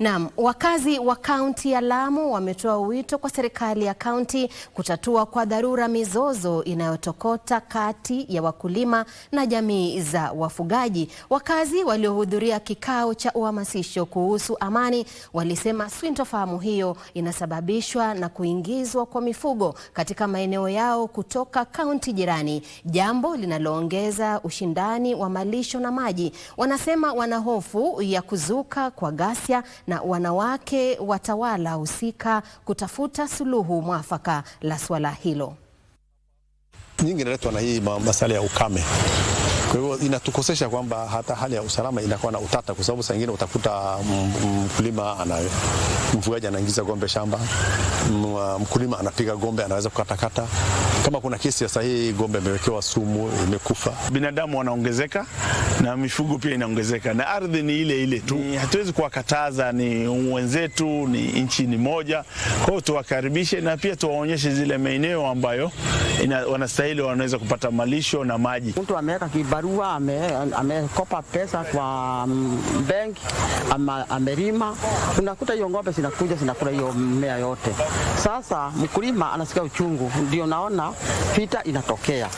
Naam, wakazi wa kaunti ya Lamu wametoa wito kwa serikali ya kaunti kutatua kwa dharura mizozo inayotokota kati ya wakulima na jamii za wafugaji. Wakazi waliohudhuria kikao cha uhamasisho kuhusu amani walisema sintofahamu hiyo inasababishwa na kuingizwa kwa mifugo katika maeneo yao kutoka kaunti jirani, jambo linaloongeza ushindani wa malisho na maji. Wanasema wana hofu ya kuzuka kwa ghasia na wanawake watawala husika kutafuta suluhu mwafaka la swala hilo. Nyingi inaletwa na hii masala ya ukame. Kwa hivyo inatukosesha kwamba hata hali ya usalama inakuwa na utata, kwa sababu saa nyingine utakuta mkulima ana mfugaji anaingiza gombe shamba, mkulima anapiga gombe, anaweza kukatakata. Kama kuna kesi ya sahihi, gombe imewekewa sumu, imekufa. Binadamu wanaongezeka. na mifugo pia inaongezeka, na ardhi ni ile ile tu. Mm. Hatuwezi kuwakataza, ni wenzetu, ni nchi ni moja. Kwa hiyo tuwakaribishe na pia tuwaonyeshe zile maeneo ambayo ina, wanastahili wanaweza kupata malisho na maji. Mtu ameweka kibarua, amekopa ame pesa kwa mm, benki ama amelima, unakuta hiyo ng'ombe zinakuja zinakula hiyo mmea yote. Sasa mkulima anasikia uchungu, ndio naona vita inatokea.